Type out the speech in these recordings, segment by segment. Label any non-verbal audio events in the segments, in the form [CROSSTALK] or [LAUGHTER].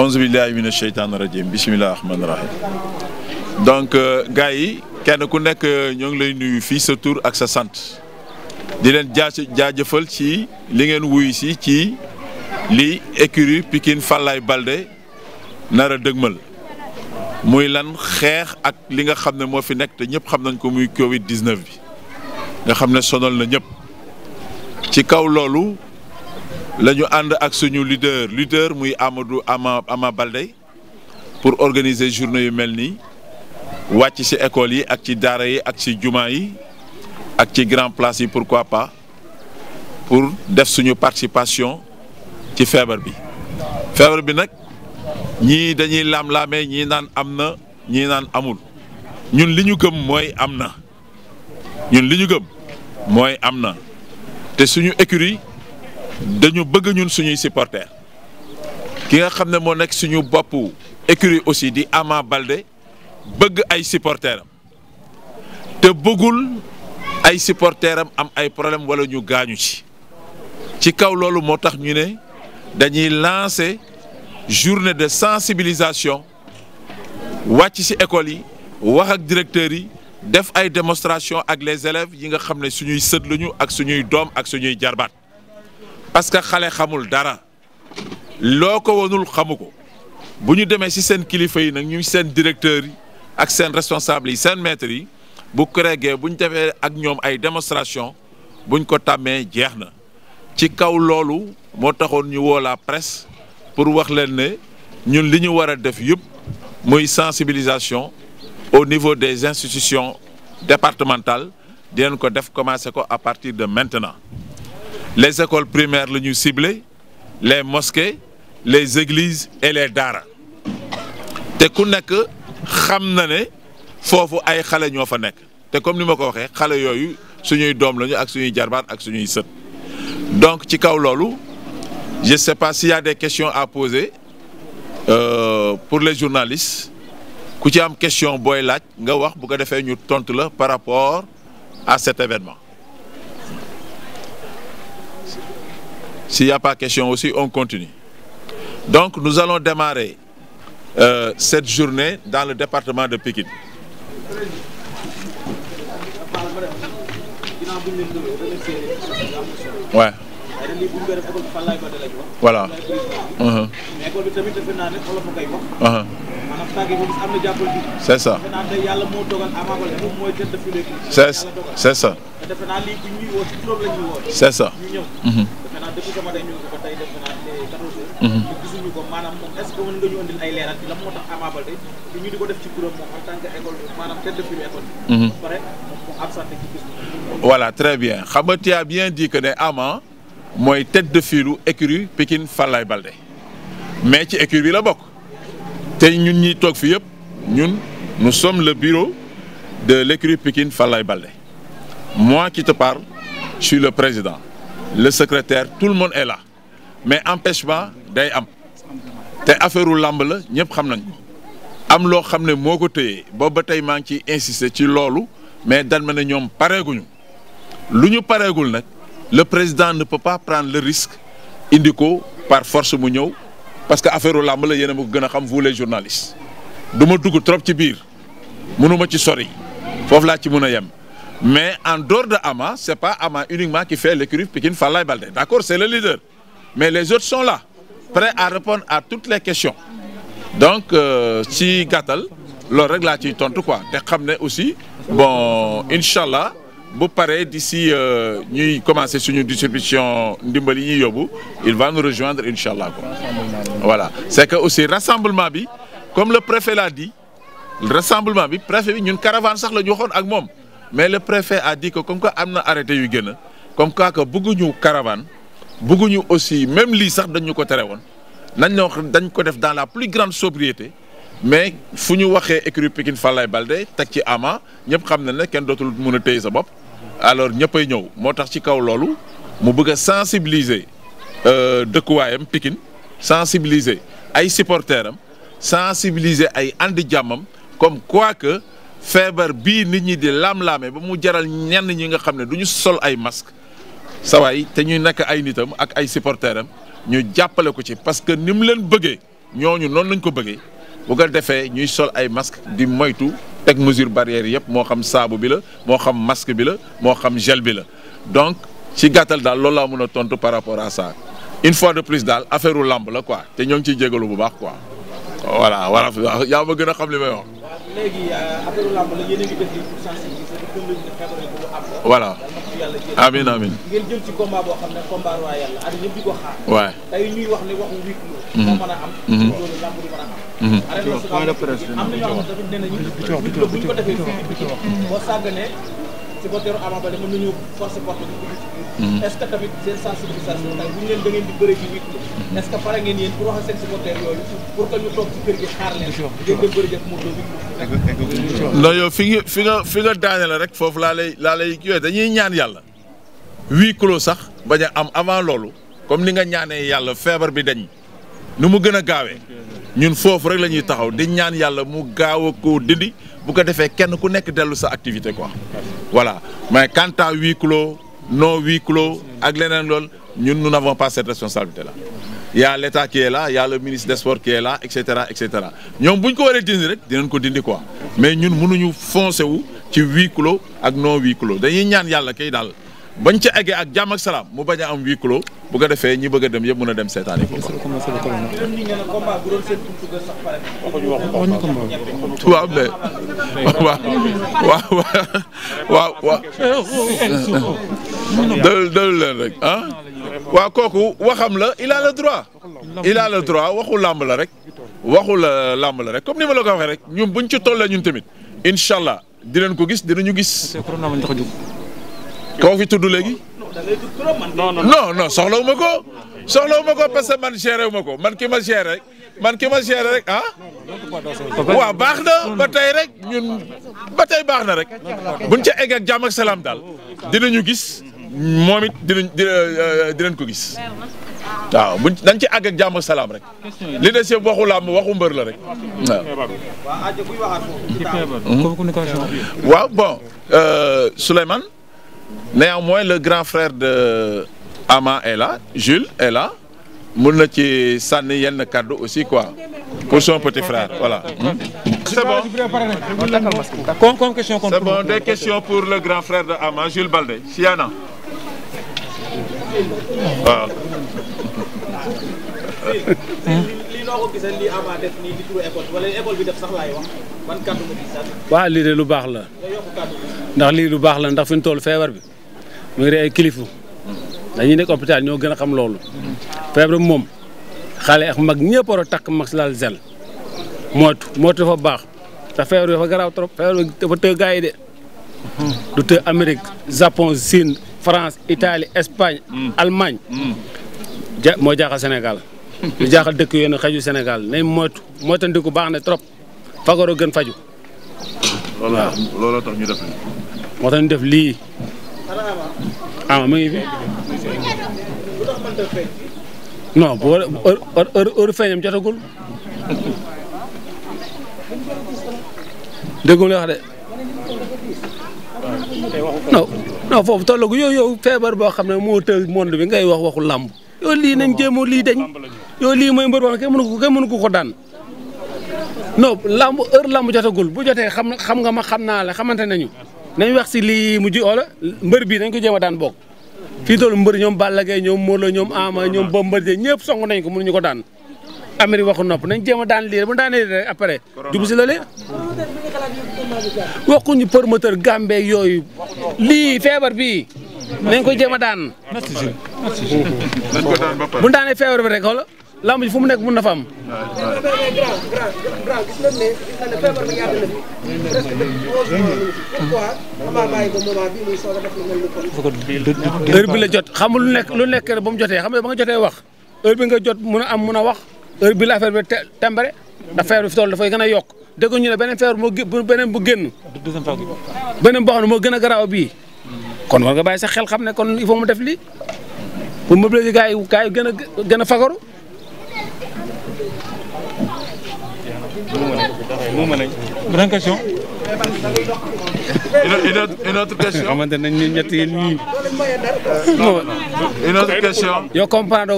onze billahi mina sheytaani rajim bisimilah rahmaani rahim donc euh, gars yi kenn ku nekk euh, ñoo ngi lay nuyu fii sa tur ak sa sant di leen jaa jaajëfal ci li ngeen wuyu si ci li écurie Pikine Falaye Baldé nar a dëgmal muy lan xeex ak li nga xam ne moo fi nekk te ñëpp xam nañ ko muy Covid 19 bi nga xam ne sonal na ñëpp ci kaw loolu. lañu ànd ak suñu leader leader muy Amadou Ama Ama Baldé pour organiser journée yu mel nii wàcc ci école yi ak ci daara yi ak ci jumaa yi ak ci grand place yi pourquoi pas pour def suñu participation ci feebar bi feebar bi nag ñii dañuy laam-laamee ñii naan am na ñii naan amul ñun li ñu gëm mooy am na ñun li ñu gëm mooy am na te suñu écurie dañu bëgg ñun suñuy supporters ki nga xam ne moo nekk suñu bopp écurie aussi di Ama Baldé bëgg ay supporters am te bëggul ay supporters am am ay problème wala ñu gaañu ci ci kaw loolu moo tax ñu ne dañuy lancer journée de sensibilisation wàcc ci école yi wax ak directeurs yi def ay démonstration ak les élèves yi nga xam ne suñuy sët lañu ak suñuy doom ak suñuy jarbaat parce que xale xamul dara loo ko wanul xamu ko bu ñu demee ci seen kilifa yi nag ñu seen directeurs yi ak seen responsables yi seen maîtres yi bu créé bu ñu demee ak ñoom ay démonstration buñ ko tàmmee jeex na ci kaw loolu moo taxoon ñu woo la presse pour wax leen ne ñun li ñu war a def yëpp muy sensibilisation au niveau des institutions départementales dinañ ko def commencer ko à partir de maintenant les écoles primaires la ñuy ciblé les mosquées les églises et les daara te ku nekk xam na ne foofu ay xale ñoo fa nekk te comme ni ma ko waxee xale yooyu suñuy doom lañu ak suñuy jarbaat ak suñuy sët donc ci kaw loolu je sais pas s'il y des questions à poser euh, pour les journalistes ku ci am question booy laaj nga wax bu ko defee ñu tontu la par rapport à cet événement. S'il n'y a pas question aussi, on continue. Donc nous allons démarrer euh, cette journée dans le département de Pikine. Ouais. Voilà. Uh-huh. Uh-huh. C'est ça. C'est ça. C'est ça. Uh-huh. Mhm. Mhm. voilà très bien xam bien dit que ne Ama mooy tête de filu écurie Pikine Falaye Baldé mais ci écurie bi la bokk te ñun ñi toog fi yëpp ñun nous sommes le bureau de l'écurie Pikine fallay Baldé mois qui te parle je le président le secretaire tout le monde est la mais empêchement day am te affaireu làmb la ñëpp xam nañ am loo xam ne moo ko téye booba tey maa ngi ciy insister ci loolu mais dan ma ne ñoom pareeguñu lu ñu pareegul nag le président ne peut pas le risque indi ko par force mu ñëw parce que affaireu làmb la yéen ma ko gën a xam vous les journalistes du ma dugg trop ci biir mënuma ci sori foofu laa ci mën a yem. Mais en dehors de Ama, ce n'est pas Ama uniquement qui fait l'écurie Pikine Falaye Baldé. D'accord, c'est le leader. Mais les autres sont là, prêts à répondre à toutes les questions. Donc euh, ci gàttal loolu rek laa ciy tontu quoi te xam ne aussi bon incha allah bu paree d'ici euh, ñuy commencer suñu distribution ndimbal yi ñuy yóbbu il va nous rejoindre incha allah quoi. voilà c'est que aussi rassemblement bi comme le préfet l'a dit rassemblement bi préfet bi ñun caravane sax la ñu waxoon ak moom. mais le préfet a dit que comme que am na arrêté yu gën a comme quoi que bëgguñu caravane aussi même lii sax dañu ko tere woon nañ la wax dañ ko def dans la plus grande sobriété mais fu ñu waxee écurie Pikine Falaye balde teg ci Ama ñëpp xam na ne kenn dootul mën a téye sa bopp alors ñëppay ñëw moo tax ci kaw loolu mu bëgg a sensibiliser euh, dëkkuwaayam Pikine sensibiliser ay supporters am sensibiliser ay andi jàmmam comme quoi que. feebar bii nit ñi di laam-laame ba mu jaral ñenn ñi nga xam ne du ñu sol ay masque sawaay te ñuy nekk ay nitam ak ay supporteram ñu jàppale ko ci parce que ni mu leen bëggee ñooñu noonu lañ ko bëggee bu ko defee ñuy sol ay masque di moytu teg mesure barrière yëpp moo xam saabu bi la moo xam masque bi la moo xam gel bi la donc ci gàttal daal loolu laa mën a tontu par rapport à ça une fois de plus daal affaire u làmb la quoi te ñoo ngi ciy jégalu bu baax quoi voilà voilà gën a xam léegi euh, affaire làmb la yéen a ngi def pour sensibiliser pour ñu xeebale ko am. voilà amiin amiin. ngeen jël ci combat boo xam ne combat royal la at ñëpp di ko xaar. waay tey ñuy wax ne waxu huis clos. moo mën a am. loolu làmb du mën a am. Mhm. Mhm. arrêté woon mhm. point de presse am na ñoo xam ne dañu ne bu ñu ko defee fii boo sàgganee ci boteeru Ama Baldé mën nañu force porte bi est ce que tamit seen sensibilisation tey bu ñu leen da ngeen di bëree ci huis clos est fi nga fi nga fi rek foofu laa lay yooyu dañuy ñaan yàlla huis clos sax bañ a am avant loolu comme ni nga ñaanee yàlla feebar bi dañ nu mu gën a gaawee ñun foofu rek la ñuy taxaw di ñaan yàlla mu gaaw a koo dindi bu ko defee kenn ku nekk dellu sa activité ko voilà mais quant à huis clos non ak leneen lool ñun nous n'avons pas cette responsabilité là. y a l'État qui est là y a le ministre des sports qui est là et cetera et cetera ñoom bu ñu ko waree dindi rek dinañ ko dindi quoi mais ñun munuñu foncer wu ci huis clos ak non huis clos dañuy ñaan yàlla kay daal bañ ci eggee ak jàmm ak salaam mu bañ a am huis clos bu ko defee ñi bëgg dem yëpp mun a dem seetaani ko waaw mais [LAUGHS] waaw waaw waaw waaw [LAUGHS] leen rek ah. waaw kooku waxam la il a le droit il waxu làmb la rek waxu la la rek comme ni ma la ko waxee rek ñun buñ ci tollee ñun tamit incha allah dinañ ko gis dinañu gis. koo fi tudd léegi. non non soxla soxlawu ma ko soxlawu ma ko parce que man géré wu ko man ki ma géré rek man ki ma géré rek ah. waaw baax na ba tey rek ñun ba tey baax na rek buñ ca egg ak jàmm ak salaam daal dinañu gis. moom it euh, dinañ ko gis waaw buñ dañ ci àgg ak jàmm ak salaam rek li des yëpp waxu làmb waxu mbër la rek waaw. bon euh, Souleymane néanmoins le grand frère de Ama est là Jules est mun na ci sànni yenn kàddu aussi quoi pour son petit frère voilà. Hmm? c'est bon des questions pour le grand frère de Ama Jules Baldé Siana. waaw. lii de lu baax la. ndax lii lu baax la ndax fi ñu toll feebar bi mu ngi ay kilifu. dañuy nekk hôpital ñoo gën a xam loolu. feebar bi moom xale mag ñëpp war a takk max laal zel. mootu mootu dafa baax ndax feebar bi dafa garaaw trop feebar bi dafa tëj gaa de. du tëj Amérique Japon Chine. France Italie Espagne. Mm. Allemagne. Mm. ja moo jaaxal Sénégal. lu jaaxal dëkk yoon xaju Sénégal nañ moytu moytandiku baax na trop fagaru gën faju waaw looloo tax moo tax ñu def lii ah mu ngi fi. non bu war a feeñam jotagul. [LAUGHS] dégg nga li non non foofu tollagu yow yow feebar boo xam ne moo tëj monde bi ngay wax waxu làmb yow lii nañ jéem a lii dañ yow lii mooy mbër boo xam ne ko kenn mënu ko ko daan non làmb heure làmb jotagul bu jotee xam xam nga ma xam naa la xamante ñu nañ wax si lii mu ji mbër bi nañ ko jéem a daan bokk fii toll mbër ñoom Balla Gaye ñoom Modou Lô ñoom Ama ñoom Bombardier ñëpp song nañ ñu ko daan Amérique waxu nopp nañ jéem daan lii bu daanee rek après. jub si loolee. waxuñu promoteur Gambey yooyu lii feebar bi nañ koy jéem a daan. bu ñu feebar bi rek xoolal fu mu nekk mun na fa am. heure bi jot xam lu nekk lu nekk ba mu jotee xam nga ba nga jotee wax heure jot mun a am mun a wax. heure bi la affaire bi tembare ndax feebar bi fi toll dafay gën a yokk dégg ñu ne beneen feebar moo beneen bu génn beneen boo xam ne moo gën a garaaw bii kon war nga bàyyi sa xel xam ne kon il faut mu def lii pour mobiliser gars yi gars yi gën a gën a fagaru beneen question une autre une autre question.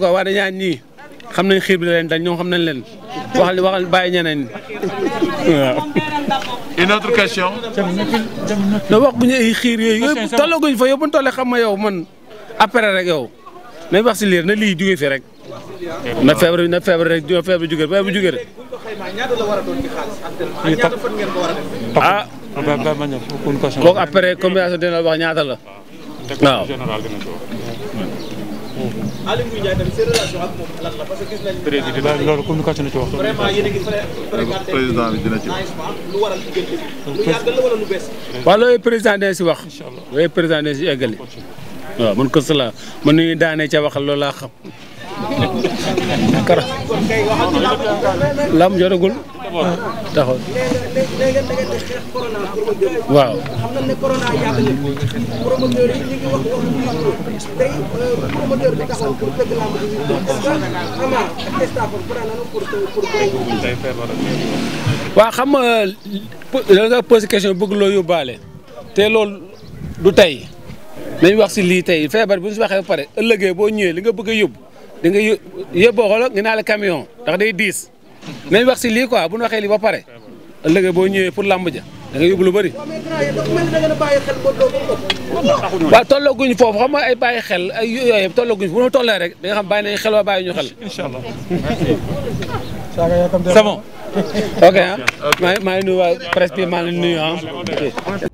xamante xam nañ xiir bi leen dañ xam nañ leen wax waxal bàyyi ñeneen waaw. une na wax bu ñu ay xiir yooyu yooyu bu ñu tollee xam ma yow man après rek yow nañ wax si liir na lii jugee fi rek. na feebar na feebar rek na feebar jugee feebar jugee rek. ah. kooku après combination dina la wax ñaata la waaw. Mm-hmm. Aly Ngouille Ndiaye tamit seen relation ak moom lan la parce que gis nañu. loolu communication la ci wax. vraiment yéen a ngi président bi dina ci wax. lu waral diggante bi. lu yàgg la wala lu bees. waaw loolu président day si wax. incha allah loolu président day si eggale. waaw man kës la man ni daanee ca waxal loolu laa xam. [LAUGHS] kara lam joragul. taxaw waaw. xam nga da nga posé loo yóbbaale te loolu du tey nañ wax si lii tey feebar bu ñu si waxee ba pare ëllëgee boo ñëwee li nga bëgg a yóbbu yób yóbboo xoolal nga naa la camion ndax day diis. nañ wax si lii quoi bu ñu waxee lii ba pare ëllëgee boo ñëwee pour làmb ja da nga yóbbu lu bëri. waaw tollaguñ foofu xam nga ay bàyyi xel ay yooyu yëpp tollaguñ foofu bu ñu rek da xam bàyyi nañ xel waa bàyyi ñu xel. incha [LAUGHS] ok ah maa ngi nuyu waa presse bi ah.